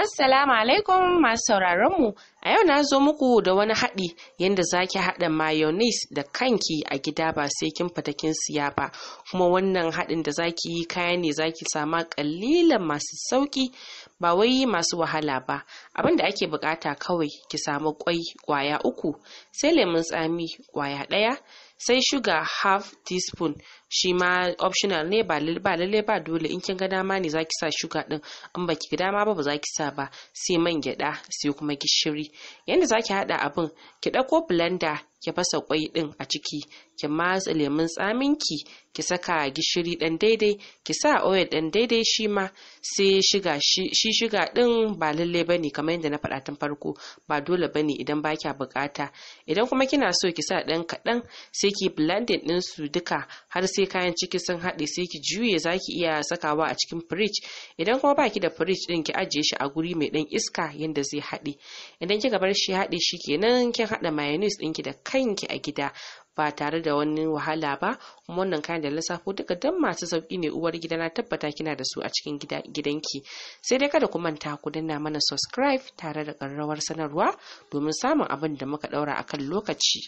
Assalamu alaikum masu sauraron A yau na zo muku da wani haɗi yadda za ki haɗa mayonnaise da kanki a gida ba sai kin fita kin siya ba. Kuma wannan haɗin da za ki yi kaya ne za ki sama ƙalilan masu sauƙi ba wai masu wahala ba. Abin da ake buƙata kawai ki samu ƙwai ƙwaya uku, sai lemun tsami ƙwaya ɗaya, sai shuga half teaspoon shi ma optional ne ba lalle ba dole in kin ga dama ne za ki sa shuga ɗin in ba ki ga dama ba ba ki sa ba sai man gyaɗa sai kuma gishiri yanda zaki haɗa abun ki ɗauko blender ki fasa kwai ɗin a ciki ki matsa lemun tsamin ki ki saka gishiri ɗan daidai ki sa oil ɗan daidai shi ma sai shiga shi shiga ɗin ba lalle bane kamar yadda na faɗa tun farko ba dole bane idan ba kya buƙata idan kuma kina so ki sa ɗan kaɗan sai ki blending ɗin su duka har sai kayan ciki sun haɗe sai ki juye zaki iya sakawa a cikin fridge idan kuma baki da fridge din ki ajiye shi a guri mai dan iska yadda zai haɗe idan kika bar shi haɗe shi kenan kin haɗa mayonnaise ɗinki da kanki a gida ba tare da wani wahala ba kuma wannan kayan da lissafo duka dan masu sauki ne uwar gida na tabbata kina da su a cikin gidanki sai dai kada ku manta ku danna mana subscribe tare da karrawar sanarwa domin samun abin da muka ɗaura akan lokaci